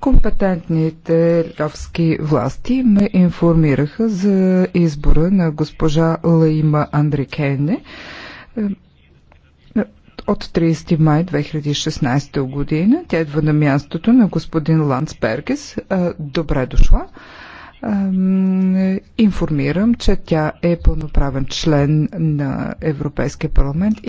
Компетентните литовски власти ме информираха за избора на госпожа Лаима Андрикене е, от 30 май 2016 година. Тя идва на мястото на господин Ландсбергес. Е, добре дошла. Е, информирам, че тя е пълноправен член на Европейския парламент